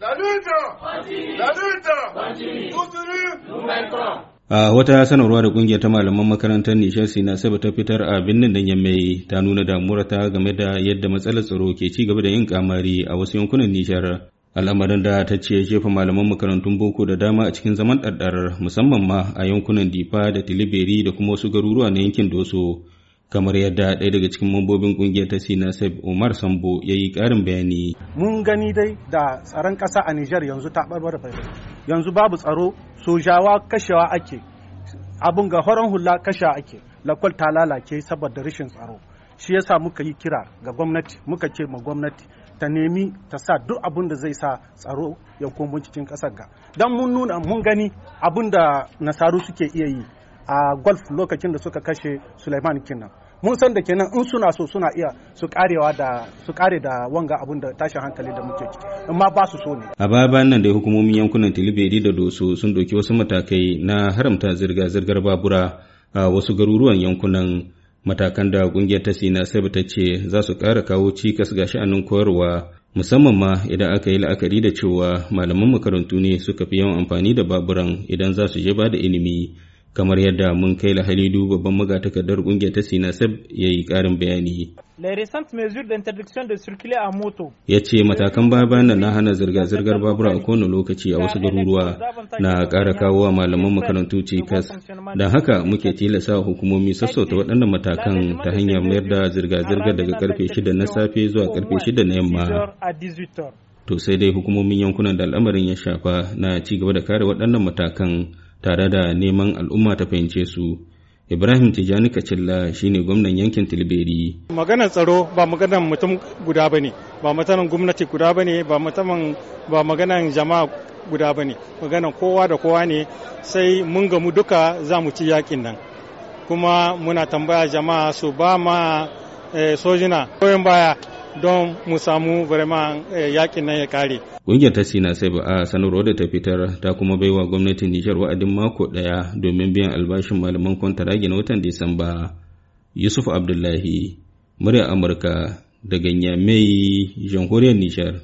La lucha. A wata sanarwa da kungiyar ta malaman makarantar Nishasi na saba ta fitar a birnin da mai ta nuna damuwar ta game da yadda matsalar tsaro ke ci gaba da yin kamari a wasu yankunan Nishar. Al'amarin da ta ce jefa malaman makarantun boko da dama a cikin zaman ɗarɗar musamman ma a yankunan Difa da Tilibiri da kuma wasu garuruwa na yankin Doso. kamar yadda ɗaya daga cikin mambobin kungiyar ta si nasib umar sambo ya yi ƙarin bayani mun gani dai da tsaron ƙasa a nijar yanzu ta ɓarɓar yanzu babu tsaro sojawa kashewa ake abin ga horon hula kashewa ake lakwal ta lalace saboda rashin tsaro shi yasa muka yi kira ga gwamnati muka ce ma gwamnati ta nemi ta sa duk abin da zai sa tsaro ya komo cikin ƙasar ga don mun nuna mun gani abin da nasaru suke iya yi a golf lokacin da suka kashe suleiman kenan mun san da kenan in suna so suna iya su karewa da su kare da wanga abun da tashin hankali da muke ciki amma ba su so ne a baya bayan nan da hukumomin yankunan tilibedi da doso sun doki wasu matakai na haramta zirga zirgar babura a wasu garuruwan yankunan matakan da kungiyar ta sina sai ta ce za su kara kawo cikas ga sha'anin koyarwa musamman ma idan aka yi la'akari da cewa malaman makarantu ne suka fi yawan amfani da baburan idan za su je ba da ilimi kamar yadda mun kai halidu babban magatakardar kungiyar ta sinasab ya yi karin bayani de ya ce matakan baya na hana zirga-zirgar babura a kowane lokaci a wasu garuruwa na ƙara kawo wa malaman makarantu cikas don haka muke tilasa hukumomi sassauta waɗannan matakan ta hanyar mayar da zirga-zirgar daga karfe 6 na safe zuwa karfe 6 na yamma to sai dai hukumomin yankunan da al'amarin ya shafa na ci gaba da kare waɗannan matakan tare da neman al'umma ta fahimce su Ibrahim Tijani Kacilla shine gwamnan yankin Tilberi. Maganar tsaro ba maganar mutum guda ba ne, ba mutumin gwamnati guda ba ne, ba ba maganar jama'a guda ba ne, maganar kowa da kowa ne sai mun gamu duka za mu ci yakin nan. Kuma muna tambaya jama'a su ba ma eh, sojina goyon baya don mu samu vraiment eh, yakin nan ya kare. Ƙungiyar ta Sina sai ba a sanarwar da ta fitar ta kuma baiwa gwamnatin Nijar wa'adin mako ɗaya domin biyan albashin malaman ragi na watan Disamba. Yusuf Abdullahi, murya Amurka daga Nyamai, jamhuriyar Nijar.